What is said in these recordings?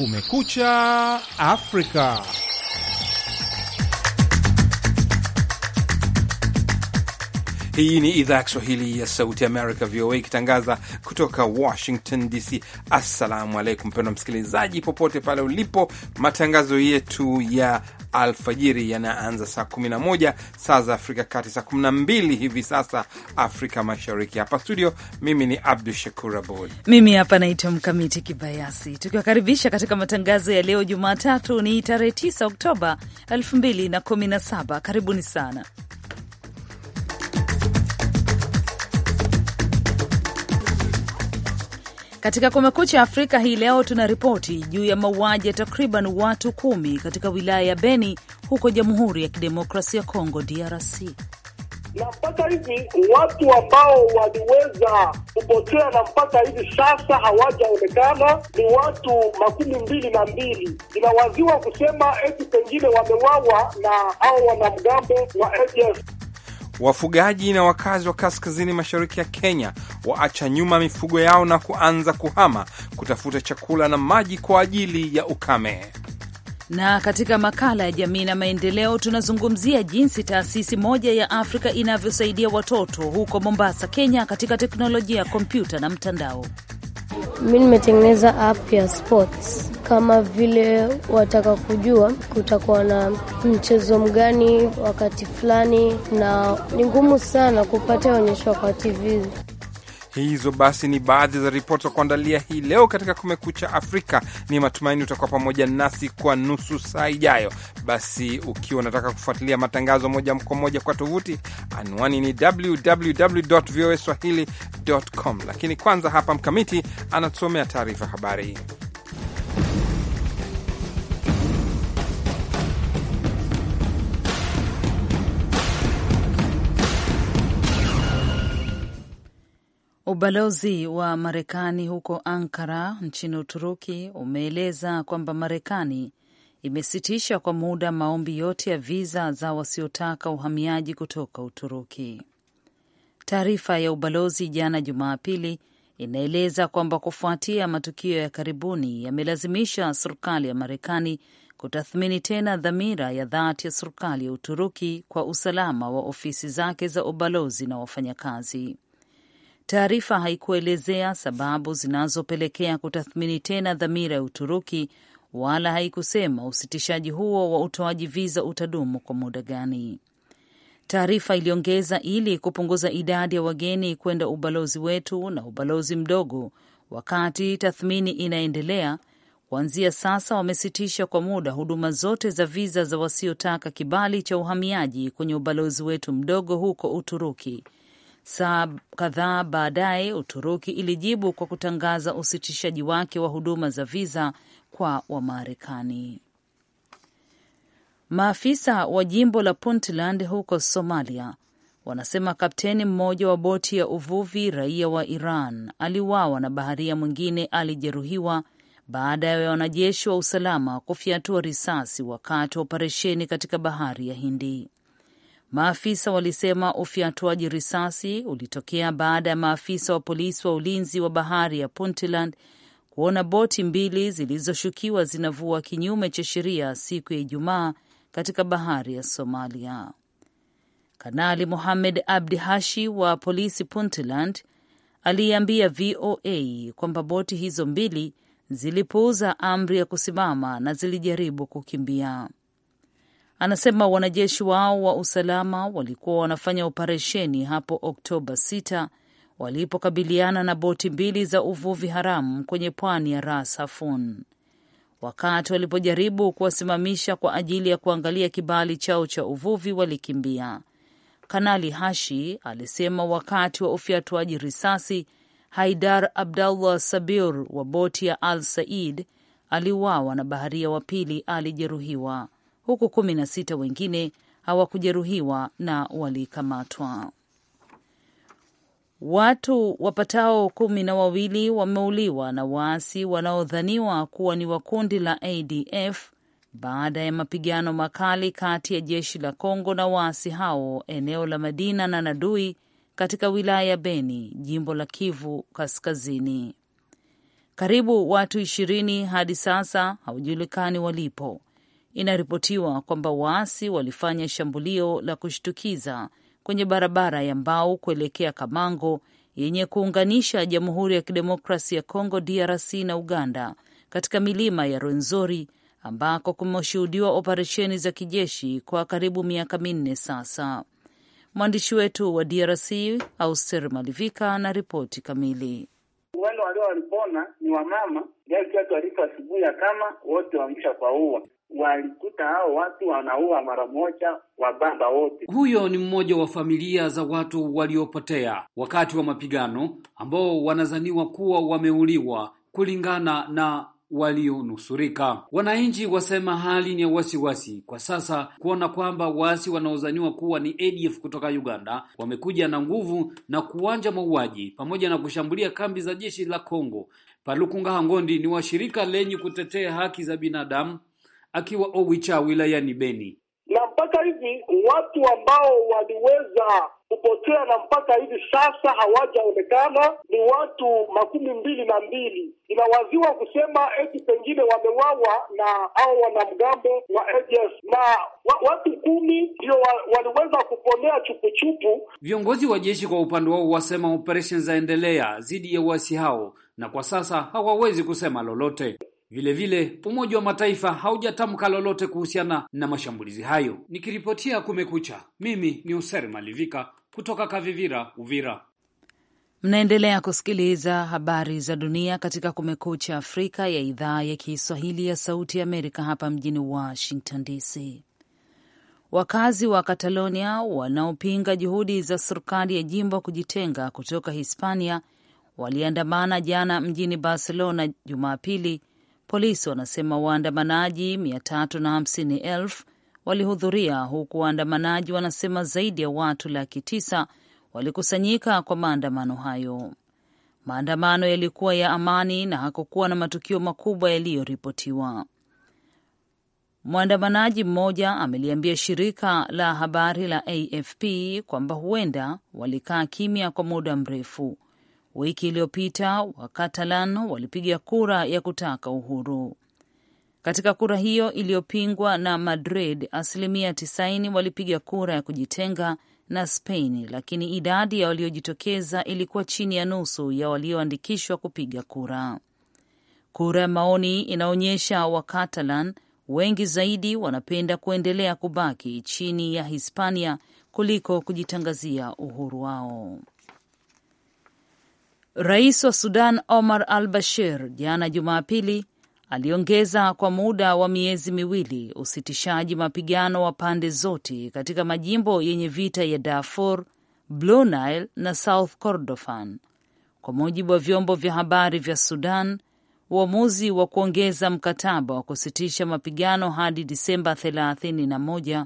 Kumekucha Afrika. Hii ni idhaa ya Kiswahili ya Sauti Amerika, VOA, ikitangaza kutoka Washington DC. Assalamu alaikum, mpendwa msikilizaji, popote pale ulipo. Matangazo yetu ya alfajiri yanaanza saa 11 saa za Afrika Kati, saa 12 hivi sasa Afrika Mashariki. Hapa studio, mimi ni Abdu Shakur Abud, mimi hapa naitwa Mkamiti Kibayasi, tukiwakaribisha katika matangazo ya leo Jumatatu ni tarehe 9 Oktoba 2017. Karibuni sana Katika Kumekucha Afrika hii leo tuna ripoti juu ya mauaji ya takriban watu kumi katika wilaya ya Beni huko Jamhuri ya Kidemokrasia ya Kongo, DRC na mpaka hivi watu ambao waliweza kupotea na mpaka hivi sasa hawajaonekana ni watu makumi mbili na mbili. Inawaziwa kusema eti pengine wamewawa na au wanamgambo wa ADF. Wafugaji na wakazi wa kaskazini mashariki ya Kenya waacha nyuma mifugo yao na kuanza kuhama kutafuta chakula na maji kwa ajili ya ukame. Na katika makala ya jamii na maendeleo tunazungumzia jinsi taasisi moja ya Afrika inavyosaidia watoto huko Mombasa, Kenya katika teknolojia ya kompyuta na mtandao. Mi nimetengeneza app ya sports kama vile wataka kujua kutakuwa na mchezo mgani wakati fulani, na ni ngumu sana kupata onyesho kwa TV. Hizo basi ni baadhi za ripoti za kuandalia hii leo katika Kumekucha Afrika. Ni matumaini utakuwa pamoja nasi kwa nusu saa ijayo. Basi ukiwa unataka kufuatilia matangazo moja kwa moja kwa tovuti, anwani ni www voa www.voaswahili.com. Lakini kwanza hapa Mkamiti anatusomea taarifa habari. Ubalozi wa Marekani huko Ankara nchini Uturuki umeeleza kwamba Marekani imesitisha kwa muda maombi yote ya viza za wasiotaka uhamiaji kutoka Uturuki. Taarifa ya ubalozi jana Jumapili inaeleza kwamba kufuatia matukio ya karibuni yamelazimisha serikali ya Marekani kutathmini tena dhamira ya dhati ya serikali ya Uturuki kwa usalama wa ofisi zake za ubalozi na wafanyakazi. Taarifa haikuelezea sababu zinazopelekea kutathmini tena dhamira ya Uturuki wala haikusema usitishaji huo wa utoaji viza utadumu kwa muda gani. Taarifa iliongeza, ili kupunguza idadi ya wageni kwenda ubalozi wetu na ubalozi mdogo, wakati tathmini inaendelea, kuanzia sasa wamesitisha kwa muda huduma zote za viza za wasiotaka kibali cha uhamiaji kwenye ubalozi wetu mdogo huko Uturuki, Saa kadhaa baadaye, Uturuki ilijibu kwa kutangaza usitishaji wake wa huduma za viza kwa Wamarekani. Maafisa wa jimbo la Puntland huko Somalia wanasema kapteni mmoja wa boti ya uvuvi raia wa Iran aliuawa na baharia mwingine alijeruhiwa baada ya wanajeshi wa usalama kufyatua risasi wakati wa operesheni katika bahari ya Hindi. Maafisa walisema ufyatuaji risasi ulitokea baada ya maafisa wa polisi wa ulinzi wa bahari ya Puntland kuona boti mbili zilizoshukiwa zinavua kinyume cha sheria siku ya Ijumaa katika bahari ya Somalia. Kanali Mohamed Abdi Hashi wa polisi Puntland aliambia VOA kwamba boti hizo mbili zilipuuza amri ya kusimama na zilijaribu kukimbia anasema wanajeshi wao wa usalama walikuwa wanafanya operesheni hapo Oktoba 6 walipokabiliana na boti mbili za uvuvi haramu kwenye pwani ya Ras Hafun. Wakati walipojaribu kuwasimamisha kwa ajili ya kuangalia kibali chao cha uvuvi, walikimbia. Kanali Hashi alisema wakati wa ufyatuaji risasi, Haidar Abdallah Sabir wa boti ya Al Said aliuawa na baharia wa pili alijeruhiwa huku kumi na sita wengine hawakujeruhiwa na walikamatwa. Watu wapatao kumi na wawili wameuliwa na waasi wanaodhaniwa kuwa ni wa kundi la ADF baada ya mapigano makali kati ya jeshi la Kongo na waasi hao eneo la Madina na Nadui katika wilaya ya Beni, jimbo la Kivu Kaskazini. Karibu watu ishirini hadi sasa hawajulikani walipo inaripotiwa kwamba waasi walifanya shambulio la kushtukiza kwenye barabara ya mbao kuelekea Kamango yenye kuunganisha Jamhuri ya Kidemokrasi ya Kongo DRC na Uganda katika milima ya Rwenzori ambako kumeshuhudiwa operesheni za kijeshi kwa karibu miaka minne sasa. Mwandishi wetu wa DRC Auster Malivika na ripoti kamili. Wale walio walipona ni wamama, jaikiatu alipo asubuhi ya kama wote waamsha kwa ua walikuta hao watu wanaua mara moja wababa wote. Huyo ni mmoja wa familia za watu waliopotea wakati wa mapigano ambao wanazaniwa kuwa wameuliwa kulingana na walionusurika. Wananchi wasema hali ni ya wasiwasi kwa sasa kuona kwamba waasi wanaozaniwa kuwa ni ADF kutoka Uganda wamekuja na nguvu na kuanja mauaji pamoja na kushambulia kambi za jeshi la Kongo. Palukunga Hangondi ni washirika lenye kutetea haki za binadamu akiwa Owicha wilayani Beni. Na mpaka hivi watu ambao waliweza kupotea na mpaka hivi sasa hawajaonekana ni watu makumi mbili na mbili. Inawaziwa kusema eti pengine wamewawa na au wanamgambo wa ADF na wa, watu kumi ndio wa, waliweza kuponea chupuchupu. Viongozi wa jeshi kwa upande wao wasema operesheni zaendelea dhidi ya uasi hao na kwa sasa hawawezi kusema lolote. Vilevile Umoja wa Mataifa haujatamka lolote kuhusiana na mashambulizi hayo. Nikiripotia Kumekucha, mimi ni Usere Malivika kutoka Kavivira, Uvira. Mnaendelea kusikiliza habari za dunia katika Kumekucha Afrika ya idhaa ya Kiswahili ya Sauti ya Amerika, hapa mjini Washington DC. Wakazi wa Katalonia wanaopinga juhudi za serikali ya jimbo kujitenga kutoka Hispania waliandamana jana mjini Barcelona Jumapili Polisi wanasema waandamanaji 350,000 walihudhuria huku waandamanaji wanasema zaidi ya watu laki tisa walikusanyika kwa maandamano hayo. Maandamano yalikuwa ya amani na hakukuwa na matukio makubwa yaliyoripotiwa. Mwandamanaji mmoja ameliambia shirika la habari la AFP kwamba huenda walikaa kimya kwa muda mrefu Wiki iliyopita Wakatalan walipiga kura ya kutaka uhuru. Katika kura hiyo iliyopingwa na Madrid, asilimia 90 walipiga kura ya kujitenga na Spain, lakini idadi ya waliojitokeza ilikuwa chini ya nusu ya walioandikishwa kupiga kura. Kura ya maoni inaonyesha Wakatalan wengi zaidi wanapenda kuendelea kubaki chini ya Hispania kuliko kujitangazia uhuru wao. Rais wa Sudan Omar al Bashir jana Jumapili aliongeza kwa muda wa miezi miwili usitishaji mapigano wa pande zote katika majimbo yenye vita ya Darfur, Blue Nile na South Kordofan, kwa mujibu wa vyombo vya habari vya Sudan. Uamuzi wa kuongeza mkataba wa kusitisha mapigano hadi Disemba 31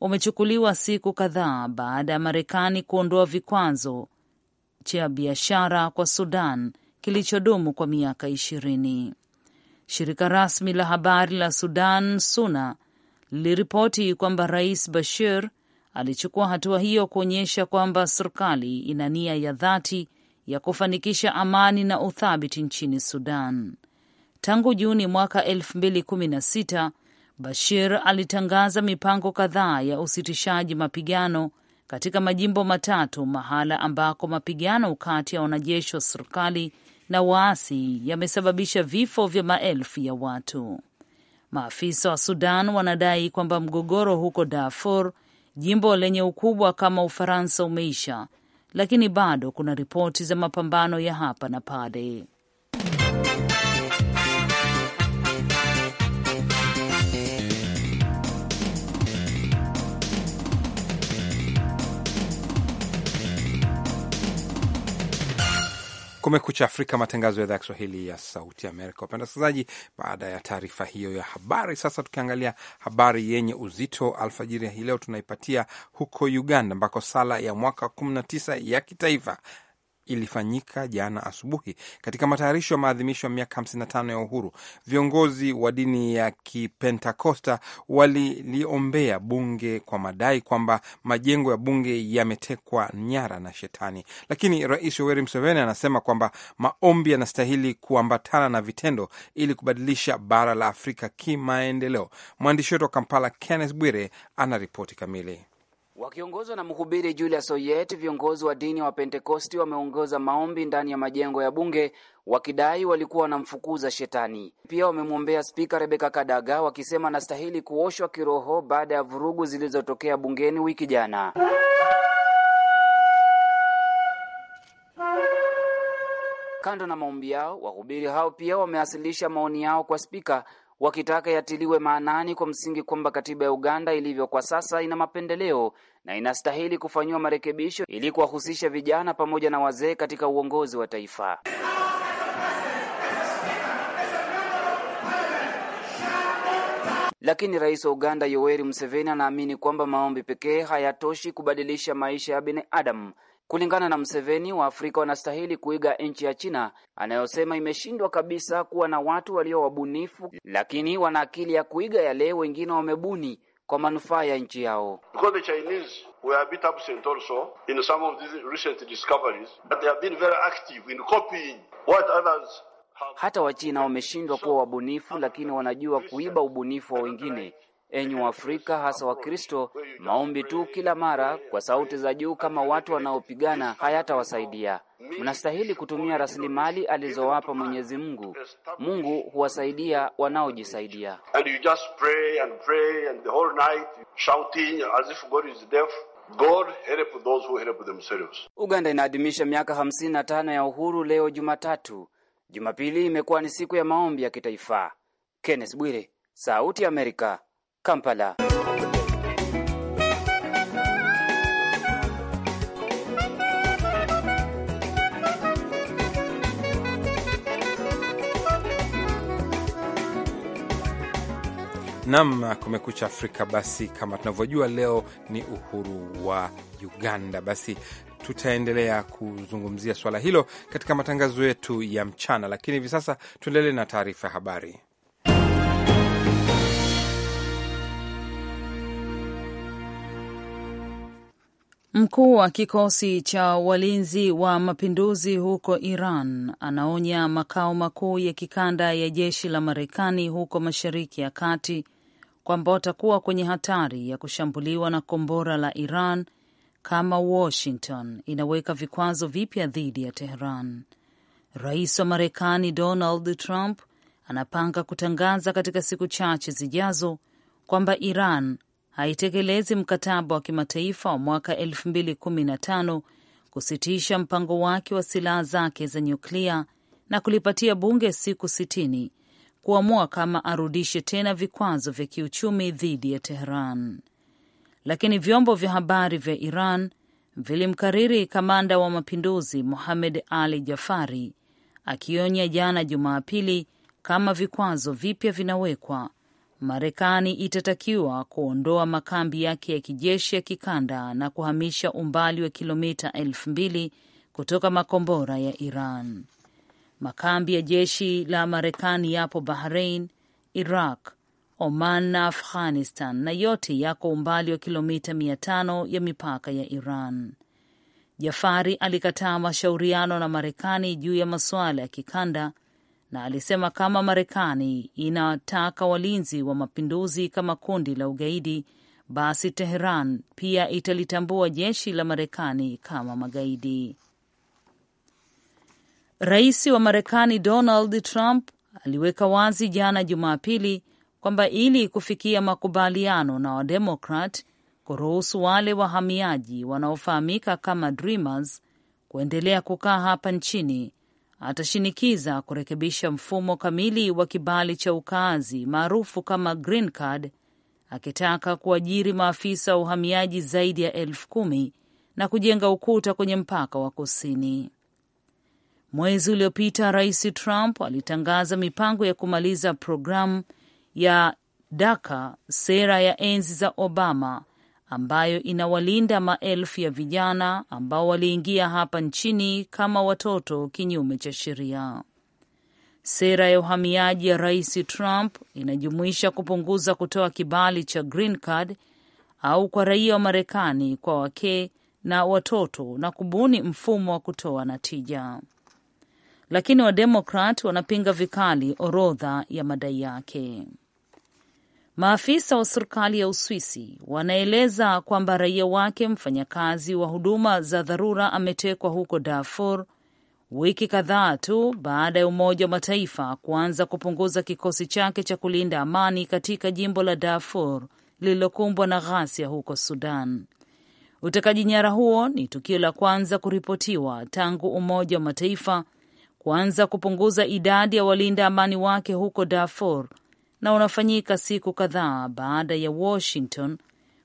umechukuliwa siku kadhaa baada ya Marekani kuondoa vikwazo cha biashara kwa Sudan kilichodumu kwa miaka ishirini. Shirika rasmi la habari la Sudan SUNA liliripoti kwamba Rais Bashir alichukua hatua hiyo kuonyesha kwamba serikali ina nia ya dhati ya kufanikisha amani na uthabiti nchini Sudan. Tangu Juni mwaka 2016 Bashir alitangaza mipango kadhaa ya usitishaji mapigano katika majimbo matatu, mahala ambako mapigano kati ya wanajeshi wa serikali na waasi yamesababisha vifo vya maelfu ya watu. Maafisa wa Sudan wanadai kwamba mgogoro huko Darfur, jimbo lenye ukubwa kama Ufaransa, umeisha, lakini bado kuna ripoti za mapambano ya hapa na pale. Kumekucha Afrika, matangazo ya idhaa ya Kiswahili ya Sauti Amerika. Wapenda wasikilizaji, baada ya taarifa hiyo ya habari, sasa tukiangalia habari yenye uzito alfajiri hii leo tunaipatia huko Uganda, ambako sala ya mwaka 19 ya kitaifa ilifanyika jana asubuhi katika matayarisho ya maadhimisho ya miaka 55 ya uhuru. Viongozi wa dini ya Kipentakosta waliliombea bunge kwa madai kwamba majengo ya bunge yametekwa nyara na shetani, lakini Rais Yoweri Museveni anasema kwamba maombi yanastahili kuambatana na vitendo ili kubadilisha bara la Afrika kimaendeleo. Mwandishi wetu wa Kampala, Kenneth Bwire, ana ripoti kamili. Wakiongozwa na mhubiri Julius Oyet, viongozi wa dini wa Pentekosti wameongoza maombi ndani ya majengo ya bunge wakidai walikuwa wanamfukuza shetani. Pia wamemwombea spika Rebeka Kadaga wakisema anastahili kuoshwa kiroho baada ya vurugu zilizotokea bungeni wiki jana. Kando na maombi yao, wahubiri hao pia wamewasilisha maoni yao kwa spika wakitaka yatiliwe maanani kwa msingi kwamba katiba ya Uganda ilivyo kwa sasa ina mapendeleo na inastahili kufanyiwa marekebisho ili kuwahusisha vijana pamoja na wazee katika uongozi wa taifa. Lakini rais wa Uganda Yoweri Museveni anaamini kwamba maombi pekee hayatoshi kubadilisha maisha ya binadamu, Kulingana na mseveni wa afrika wanastahili kuiga nchi ya China anayosema imeshindwa kabisa kuwa na watu walio wabunifu, lakini wana akili ya kuiga yale wengine wamebuni kwa manufaa ya nchi yao. Hata Wachina wameshindwa kuwa wabunifu, lakini wanajua kuiba ubunifu wa wengine enyi Waafrika hasa Wakristo, maombi tu kila mara kwa sauti za juu kama watu wanaopigana hayatawasaidia. Mnastahili kutumia rasilimali alizowapa Mwenyezi Mungu. Mungu huwasaidia wanaojisaidia. God help those who help themselves. Uganda inaadhimisha miaka 55 ya uhuru leo Jumatatu. Jumapili imekuwa ni siku ya maombi ya kitaifa. Kenneth Bwire, Sauti ya Amerika, Kampala. Nam kumekucha Afrika. Basi kama tunavyojua, leo ni uhuru wa Uganda. Basi tutaendelea kuzungumzia swala hilo katika matangazo yetu ya mchana, lakini hivi sasa tuendelee na taarifa ya habari. Mkuu wa kikosi cha walinzi wa mapinduzi huko Iran anaonya makao makuu ya kikanda ya jeshi la Marekani huko Mashariki ya Kati kwamba watakuwa kwenye hatari ya kushambuliwa na kombora la Iran kama Washington inaweka vikwazo vipya dhidi ya Tehran. Rais wa Marekani Donald Trump anapanga kutangaza katika siku chache zijazo kwamba Iran haitekelezi mkataba wa kimataifa wa mwaka 2015 kusitisha mpango wake wa silaha zake za nyuklia na kulipatia bunge siku 60 kuamua kama arudishe tena vikwazo vya kiuchumi dhidi ya Tehran. Lakini vyombo vya habari vya Iran vilimkariri kamanda wa mapinduzi Mohamed Ali Jafari akionya jana Jumapili kama vikwazo vipya vinawekwa Marekani itatakiwa kuondoa makambi yake ya kijeshi ya kikanda na kuhamisha umbali wa kilomita elfu mbili kutoka makombora ya Iran. Makambi ya jeshi la Marekani yapo Bahrain, Iraq, Oman na Afghanistan, na yote yako umbali wa kilomita mia tano ya mipaka ya Iran. Jafari alikataa mashauriano na Marekani juu ya masuala ya kikanda na alisema kama Marekani inataka walinzi wa mapinduzi kama kundi la ugaidi, basi Teheran pia italitambua jeshi la Marekani kama magaidi. Rais wa Marekani Donald Trump aliweka wazi jana Jumapili kwamba ili kufikia makubaliano na Wademokrat kuruhusu wale wahamiaji wanaofahamika kama dreamers kuendelea kukaa hapa nchini atashinikiza kurekebisha mfumo kamili wa kibali cha ukaazi maarufu kama green card, akitaka kuajiri maafisa wa uhamiaji zaidi ya elfu kumi na kujenga ukuta kwenye mpaka wa kusini. Mwezi uliopita Rais Trump alitangaza mipango ya kumaliza programu ya DACA, sera ya enzi za Obama, ambayo inawalinda maelfu ya vijana ambao waliingia hapa nchini kama watoto kinyume cha sheria. Sera ya uhamiaji ya Rais Trump inajumuisha kupunguza kutoa kibali cha green card au kwa raia wa Marekani kwa wake na watoto na kubuni mfumo wa kutoa natija, lakini Wademokrat wanapinga vikali orodha ya madai yake. Maafisa wa serikali ya Uswisi wanaeleza kwamba raia wake mfanyakazi wa huduma za dharura ametekwa huko Darfur wiki kadhaa tu baada ya Umoja wa Mataifa kuanza kupunguza kikosi chake cha kulinda amani katika jimbo la Darfur lililokumbwa na ghasia huko Sudan. Utekaji nyara huo ni tukio la kwanza kuripotiwa tangu Umoja wa Mataifa kuanza kupunguza idadi ya walinda amani wake huko Darfur na unafanyika siku kadhaa baada ya Washington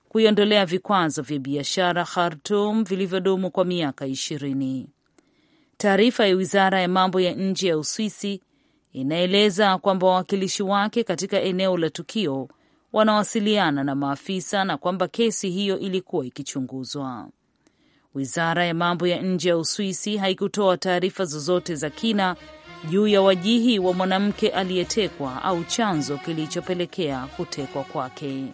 kuiondolea vikwazo vya biashara Khartum vilivyodumu kwa miaka ishirini. Taarifa ya wizara ya mambo ya nje ya Uswisi inaeleza kwamba wawakilishi wake katika eneo la tukio wanawasiliana na maafisa na kwamba kesi hiyo ilikuwa ikichunguzwa. Wizara ya mambo ya nje ya Uswisi haikutoa taarifa zozote za kina juu ya wajihi wa mwanamke aliyetekwa au chanzo kilichopelekea kutekwa kwake.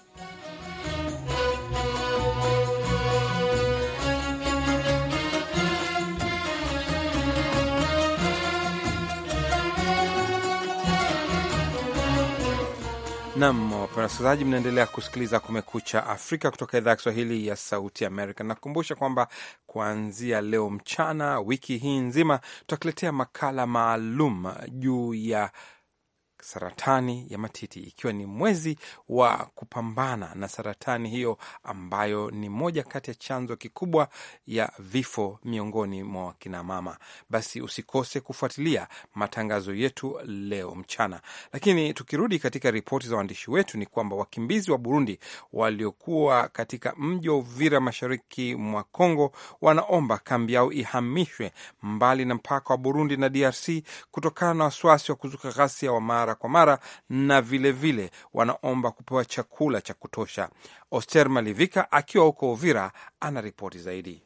Nam, wapenda wasikilizaji, mnaendelea kusikiliza Kumekucha Afrika kutoka idhaa ya Kiswahili ya Sauti Amerika. Nakukumbusha kwamba kuanzia leo mchana, wiki hii nzima, tutakuletea makala maalum juu ya saratani ya matiti ikiwa ni mwezi wa kupambana na saratani hiyo ambayo ni moja kati ya chanzo kikubwa ya vifo miongoni mwa wakinamama. Basi usikose kufuatilia matangazo yetu leo mchana. Lakini tukirudi katika ripoti za waandishi wetu, ni kwamba wakimbizi wa Burundi waliokuwa katika mji wa Uvira mashariki mwa Kongo wanaomba kambi yao ihamishwe mbali na mpaka wa Burundi na DRC kutokana na wasiwasi wa kuzuka ghasia wa mara mara kwa mara na vilevile vile wanaomba kupewa chakula cha kutosha. Oster Malivika akiwa huko Uvira ana ripoti zaidi.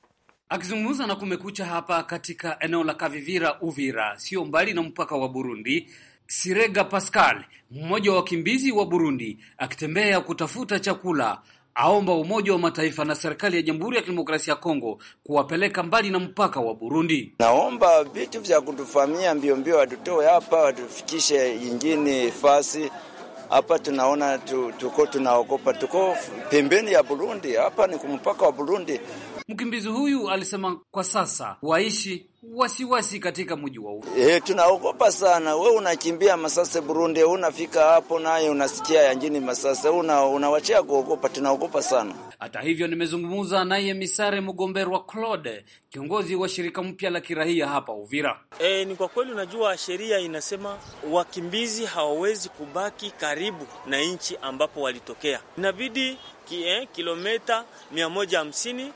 Akizungumza na Kumekucha hapa katika eneo la Kavivira, Uvira, sio mbali na mpaka wa Burundi. Sirega Pascal, mmoja wa wakimbizi wa Burundi, akitembea kutafuta chakula aomba Umoja wa Mataifa na serikali ya Jamhuri ya Kidemokrasia ya Kongo kuwapeleka mbali na mpaka wa Burundi. Naomba vitu vya kutufamia mbio mbio watutoe hapa watufikishe ingine fasi hapa tunaona tuko tunaogopa, tuko pembeni ya Burundi, hapa ni kumpaka wa Burundi. Mkimbizi huyu alisema kwa sasa waishi wasiwasi wasi katika mji wa Uvira. Eh, tunaogopa sana. We unakimbia Masase Burundi, unafika hapo naye unasikia yanjini njini Masase, una unawachia kuogopa, tunaogopa sana. Hata hivyo nimezungumza naye Misare Mugomberwa Claude, kiongozi wa shirika mpya la kirahia hapa Uvira. E, ni kwa kweli unajua sheria inasema wakimbizi hawawezi kubaki karibu na nchi ambapo walitokea. Inabidi ki, eh, kilomita 150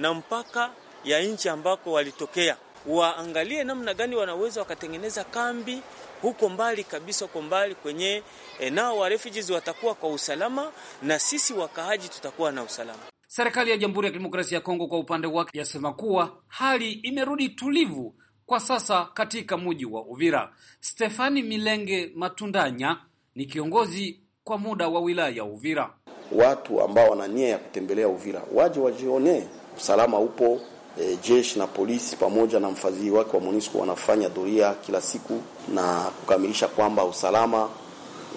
na mpaka ya nchi ambako walitokea, waangalie namna gani wanaweza wakatengeneza kambi huko mbali kabisa, huko mbali kwenye e, nao wa refugees watakuwa kwa usalama na sisi wakaaji tutakuwa na usalama. Serikali ya Jamhuri ya Kidemokrasia ya Kongo kwa upande wake yasema kuwa hali imerudi tulivu kwa sasa katika mji wa Uvira. Stefani Milenge Matundanya ni kiongozi kwa muda wa wilaya ya Uvira. Watu ambao wana nia ya kutembelea Uvira waje wajionee usalama upo e, jeshi na polisi pamoja na mfadhili wake wa MONUSCO wanafanya doria kila siku na kukamilisha kwamba usalama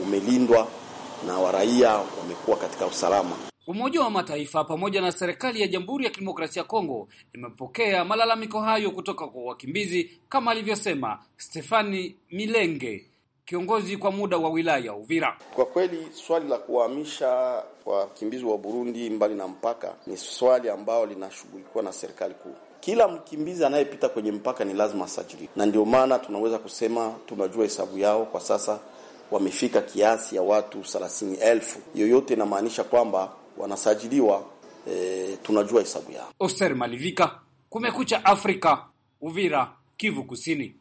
umelindwa na waraia wamekuwa katika usalama. Umoja wa Mataifa pamoja na serikali ya Jamhuri ya Kidemokrasia ya Kongo imepokea malalamiko hayo kutoka kwa wakimbizi kama alivyosema Stefani Milenge kiongozi kwa muda wa wilaya ya Uvira. Kwa kweli swali la kuwahamisha wakimbizi wa Burundi mbali na mpaka ni swali ambalo linashughulikiwa na serikali kuu. Kila mkimbizi anayepita kwenye mpaka ni lazima asajili, na ndio maana tunaweza kusema tunajua hesabu yao kwa sasa wamefika kiasi ya watu thelathini elfu. Yoyote inamaanisha kwamba wanasajiliwa, e, tunajua hesabu yao. Oster Malivika, Kumekucha Afrika, Uvira, Kivu Kusini.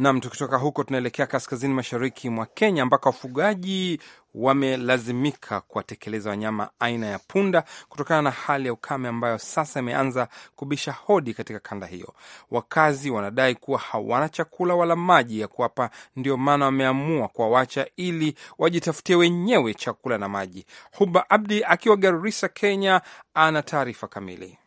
Nam, tukitoka huko tunaelekea kaskazini mashariki mwa Kenya ambako wafugaji wamelazimika kuwatekeleza wanyama aina ya punda kutokana na hali ya ukame ambayo sasa imeanza kubisha hodi katika kanda hiyo. Wakazi wanadai kuwa hawana chakula wala maji ya kuwapa, ndio maana wameamua kuwawacha ili wajitafutie wenyewe chakula na maji. Huba Abdi akiwa Garissa, Kenya, ana taarifa kamili.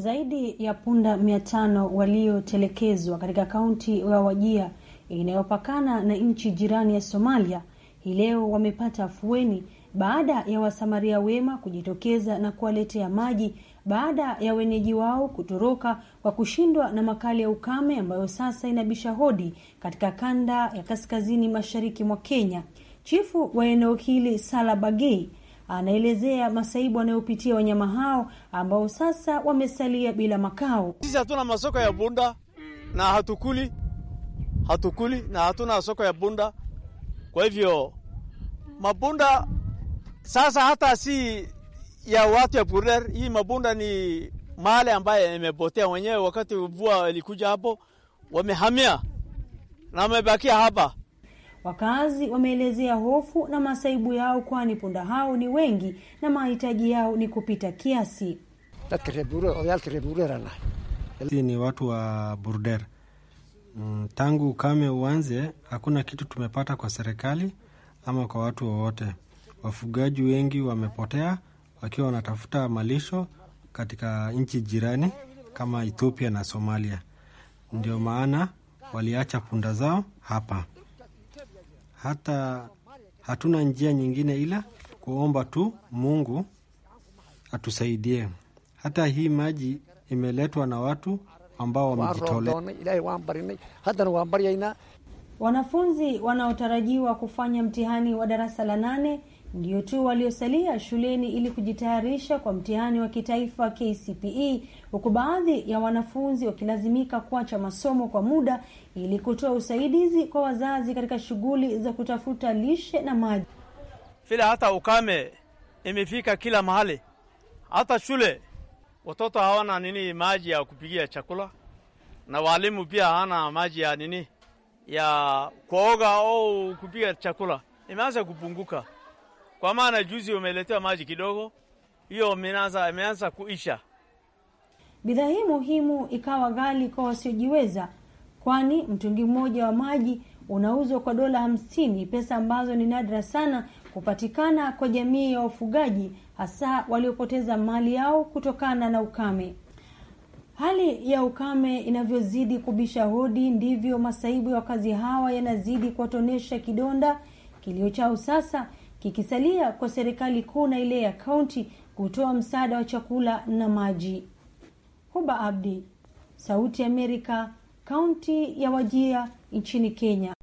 Zaidi ya punda mia tano waliotelekezwa katika kaunti ya Wajia inayopakana na nchi jirani ya Somalia hii leo wamepata afueni baada ya wasamaria wema kujitokeza na kuwaletea maji baada ya wenyeji wao kutoroka kwa kushindwa na makali ya ukame ambayo sasa inabisha hodi katika kanda ya kaskazini mashariki mwa Kenya. Chifu wa eneo hili Sala Bagei anaelezea masaibu anayopitia wanyama hao ambao sasa wamesalia bila makao. Sisi hatuna masoko ya bunda na hatukuli, hatukuli na hatuna soko ya bunda. Kwa hivyo mabunda sasa hata si ya watu ya Purer, hii mabunda ni mali ambaye imepotea wenyewe. Wakati mvua ilikuja hapo wamehamia na wamebakia hapa Wakazi wameelezea hofu na masaibu yao, kwani punda hao ni wengi na mahitaji yao ni kupita kiasi. Ni watu wa Burder. Mm, tangu ukame uanze, hakuna kitu tumepata kwa serikali ama kwa watu wowote. Wafugaji wengi wamepotea wakiwa wanatafuta malisho katika nchi jirani kama Ethiopia na Somalia. Ndio maana waliacha punda zao hapa hata hatuna njia nyingine ila kuomba tu Mungu atusaidie. Hata hii maji imeletwa na watu ambao wamejitolea. Wanafunzi wanaotarajiwa kufanya mtihani wa darasa la nane ndio tu waliosalia shuleni ili kujitayarisha kwa mtihani wa kitaifa KCPE huku baadhi ya wanafunzi wakilazimika kuacha masomo kwa muda ili kutoa usaidizi kwa wazazi katika shughuli za kutafuta lishe na maji. Vile hata ukame imefika kila mahali, hata shule watoto hawana nini, maji ya kupigia chakula, na walimu pia hawana maji ya nini ya kuoga au kupiga chakula imeanza kupunguka, kwa maana juzi umeletewa maji kidogo, hiyo imeanza kuisha. Bidhaa hii muhimu ikawa ghali kwa wasiojiweza, kwani mtungi mmoja wa maji unauzwa kwa dola hamsini, pesa ambazo ni nadra sana kupatikana kwa jamii ya wafugaji, hasa waliopoteza mali yao kutokana na ukame. Hali ya ukame inavyozidi kubisha hodi, ndivyo masaibu ya wakazi hawa yanazidi kuwatonesha kidonda. Kilio chao sasa kikisalia kwa serikali kuu na ile ya kaunti kutoa msaada wa chakula na maji. Huba Abdi, Sauti Amerika, kaunti ya Wajia nchini Kenya.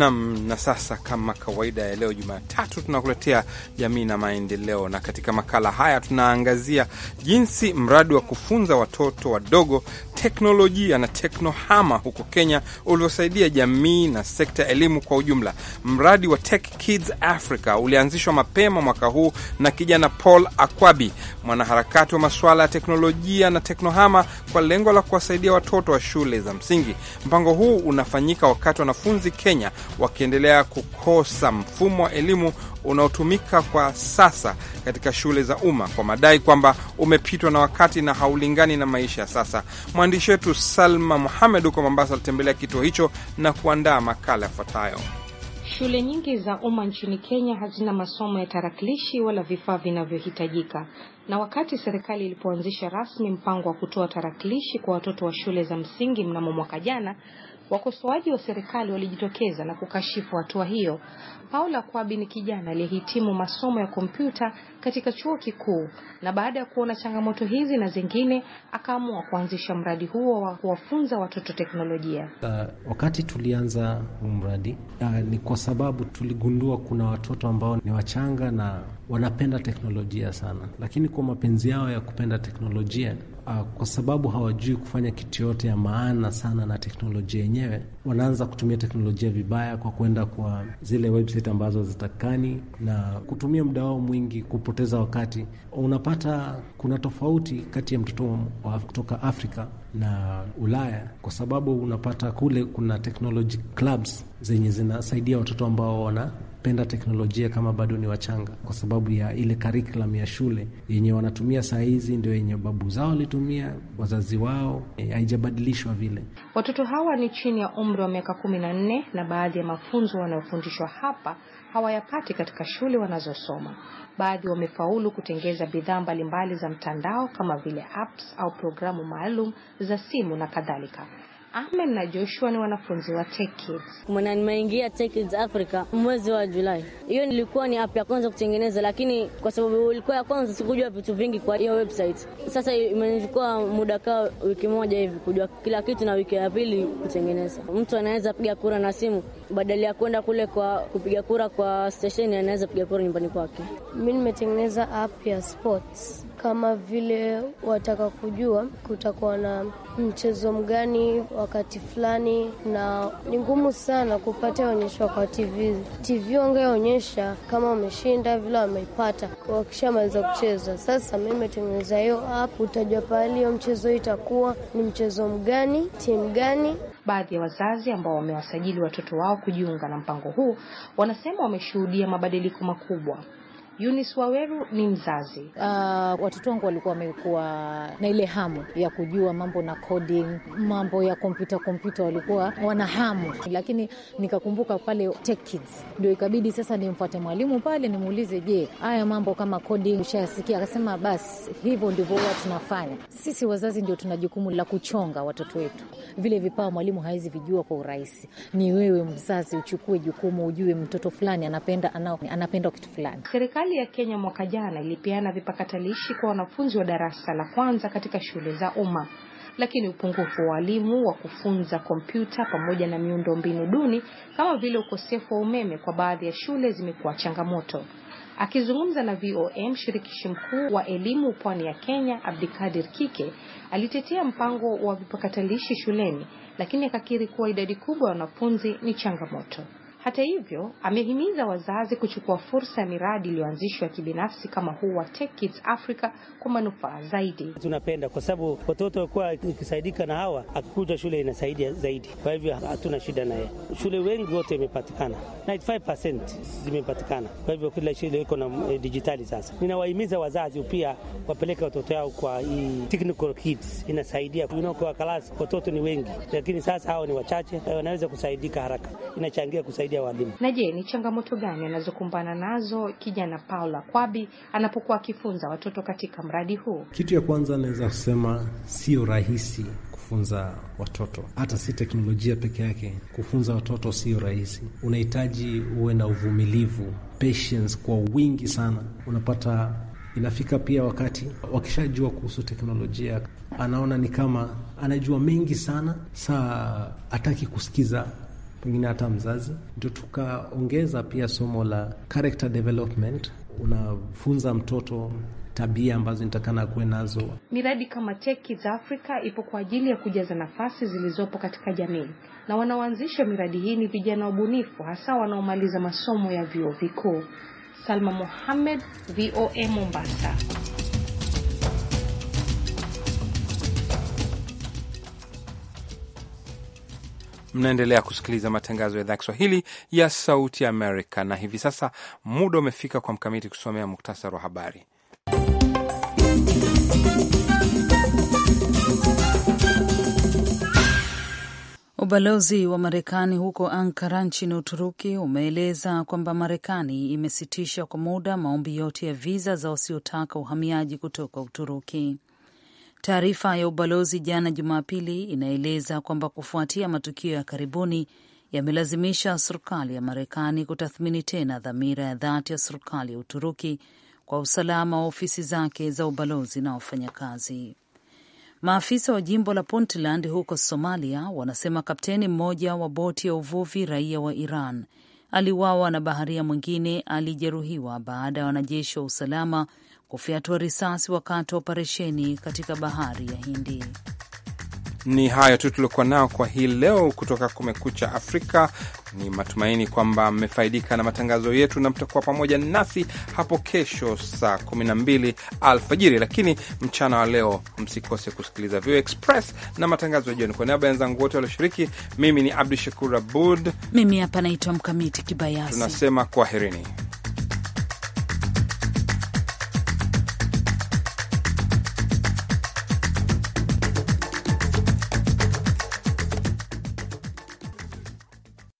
Nam, na sasa kama kawaida ya leo Jumatatu tunakuletea jamii na maendeleo, na katika makala haya tunaangazia jinsi mradi wa kufunza watoto wadogo teknolojia na teknohama huko Kenya uliosaidia jamii na sekta ya elimu kwa ujumla. Mradi wa Tech Kids Africa ulianzishwa mapema mwaka huu na kijana Paul Akwabi, mwanaharakati wa masuala ya teknolojia na teknohama, kwa lengo la kuwasaidia watoto wa shule za msingi. Mpango huu unafanyika wakati wanafunzi Kenya wakiendelea kukosa mfumo wa elimu unaotumika kwa sasa katika shule za umma kwa madai kwamba umepitwa na wakati na haulingani na maisha ya sasa. Mwandishi wetu Salma Muhamed huko Mombasa alitembelea kituo hicho na kuandaa makala yafuatayo. Shule nyingi za umma nchini Kenya hazina masomo ya tarakilishi wala vifaa vinavyohitajika. Na wakati serikali ilipoanzisha rasmi mpango wa kutoa tarakilishi kwa watoto wa shule za msingi mnamo mwaka jana, Wakosoaji wa serikali walijitokeza na kukashifu hatua hiyo Paula Kwabi ni kijana aliyehitimu masomo ya kompyuta katika chuo kikuu na baada ya kuona changamoto hizi na zingine akaamua kuanzisha mradi huo wa kuwafunza watoto teknolojia. Uh, wakati tulianza huu mradi uh, ni kwa sababu tuligundua kuna watoto ambao ni wachanga na wanapenda teknolojia sana, lakini kwa mapenzi yao ya kupenda teknolojia uh, kwa sababu hawajui kufanya kitu yote ya maana sana na teknolojia yenyewe, wanaanza kutumia teknolojia vibaya kwa kuenda kwa zile website vitu ambazo hazitakikani na kutumia muda wao mwingi kupoteza wakati. Unapata kuna tofauti kati ya mtoto kutoka Afrika na Ulaya kwa sababu unapata kule kuna technology clubs zenye zinasaidia watoto ambao wana wanapenda teknolojia kama bado ni wachanga, kwa sababu ya ile kariklam ya shule yenye wanatumia saa hizi ndio yenye babu zao walitumia, wazazi wao, eh, haijabadilishwa vile. Watoto hawa ni chini ya umri wa miaka kumi na nne na baadhi ya mafunzo wanayofundishwa hapa hawayapati katika shule wanazosoma. Baadhi wamefaulu kutengeza bidhaa mbalimbali za mtandao kama vile apps au programu maalum za simu na kadhalika. Ahmed na Joshua ni wanafunzi wa Tech Mwana nimeingia Tech Africa mwezi wa Julai. Hiyo nilikuwa ni app ya kwanza kutengeneza, lakini kwa sababu ilikuwa ya kwanza sikujua vitu vingi kwa hiyo website. Sasa imenichukua muda kaa wiki moja hivi kujua kila kitu na wiki ya pili kutengeneza. Mtu anaweza piga kura na simu badala ya kwenda kule kwa kupiga kura kwa stesheni, anaweza piga kura nyumbani kwake. Mimi nimetengeneza app ya sports kama vile wataka kujua kutakuwa na mchezo mgani wakati fulani, na ni ngumu sana kupata onyesho kwa TV. TV wangeonyesha kama wameshinda vile wameipata wakishamaliza kucheza. Sasa mi imetengeneza hiyo app, utajua pahali hiyo mchezo itakuwa ni mchezo mgani, timu gani. Baadhi ya wazazi ambao wamewasajili watoto wao kujiunga na mpango huu wanasema wameshuhudia mabadiliko makubwa. Eunice Waweru ni mzazi. Uh, watoto wangu walikuwa wamekuwa na ile hamu ya kujua mambo na coding, mambo ya kompyuta kompyuta, walikuwa wana hamu, lakini nikakumbuka pale Tech Kids ndio ikabidi sasa nimfuate mwalimu pale nimuulize, je, haya mambo kama coding ushayasikia? Akasema basi hivyo ndivyo huwa tunafanya sisi. Wazazi ndio tuna jukumu la kuchonga watoto wetu, vile vipawa mwalimu hawezi vijua kwa urahisi. Ni wewe mzazi uchukue jukumu, ujue mtoto fulani anapenda anao, anapenda kitu fulani. Serikali Serikali ya Kenya mwaka jana ilipeana vipakatalishi kwa wanafunzi wa darasa la kwanza katika shule za umma, lakini upungufu wa walimu wa kufunza kompyuta pamoja na miundombinu duni kama vile ukosefu wa umeme kwa baadhi ya shule zimekuwa changamoto. Akizungumza na VOA, mshirikishi mkuu wa elimu pwani ya Kenya Abdikadir Kike alitetea mpango wa vipakatalishi shuleni, lakini akakiri kuwa idadi kubwa ya wanafunzi ni changamoto. Hata hivyo, amehimiza wazazi kuchukua fursa ya miradi iliyoanzishwa ya kibinafsi kama huu wa Tech Kids Africa kwa manufaa zaidi. Tunapenda kwa sababu watoto wakuwa ikisaidika na hawa, akikuja shule inasaidia zaidi, kwa hivyo hatuna shida naye. Shule wengi wote imepatikana, 95% zimepatikana, kwa hivyo kila shule iko na eh, dijitali. Sasa ninawahimiza wazazi pia wapeleke watoto yao kwa hii technical kids, inasaidia kwa kalasi. Watoto ni wengi, lakini sasa hao ni wachache, eh, wanaweza kusaidika haraka, inachangia kusaidia kusaidia walimu. Na je, ni changamoto gani anazokumbana nazo kijana Paula Kwabi anapokuwa akifunza watoto katika mradi huu? Kitu ya kwanza naweza kusema sio rahisi kufunza watoto, hata si teknolojia peke yake. Kufunza watoto sio rahisi, unahitaji uwe na uvumilivu, patience kwa wingi sana. Unapata inafika pia wakati wakishajua kuhusu teknolojia, anaona ni kama anajua mengi sana, saa hataki kusikiza pengine hata mzazi, ndio tukaongeza pia somo la character development. Unafunza mtoto tabia ambazo nitakana kuwe nazo. Miradi kama Tech Kids Africa ipo kwa ajili ya kujaza nafasi zilizopo katika jamii, na wanaoanzisha miradi hii ni vijana wabunifu, hasa wanaomaliza masomo ya vyuo vikuu. Salma Mohamed, VOA Mombasa. Mnaendelea kusikiliza matangazo ya idhaa ya Kiswahili ya Sauti Amerika, na hivi sasa muda umefika kwa Mkamiti kusomea muktasari wa habari. Ubalozi wa Marekani huko Ankara nchini Uturuki umeeleza kwamba Marekani imesitisha kwa muda maombi yote ya viza za wasiotaka uhamiaji kutoka Uturuki. Taarifa ya ubalozi jana Jumapili inaeleza kwamba kufuatia matukio ya karibuni yamelazimisha serikali ya Marekani kutathmini tena dhamira ya dhati ya serikali ya Uturuki kwa usalama wa ofisi zake za ubalozi na wafanyakazi. Maafisa wa jimbo la Puntland huko Somalia wanasema kapteni mmoja wa boti ya uvuvi raia wa Iran aliwawa na baharia mwingine alijeruhiwa baada ya wanajeshi wa usalama kufyatua risasi wakati wa operesheni katika bahari ya Hindi. Ni hayo tu tuliokuwa nao kwa hii leo kutoka Kumekucha Afrika. Ni matumaini kwamba mmefaidika na matangazo yetu na mtakuwa pamoja nasi hapo kesho saa 12 alfajiri, lakini mchana wa leo msikose kusikiliza VOA Express na matangazo ya jioni. Kwa niaba ya wenzangu wote walioshiriki, mimi ni Abdu Shakur Abud, mimi hapa naitwa Mkamiti Kibayasi, tunasema kwaherini.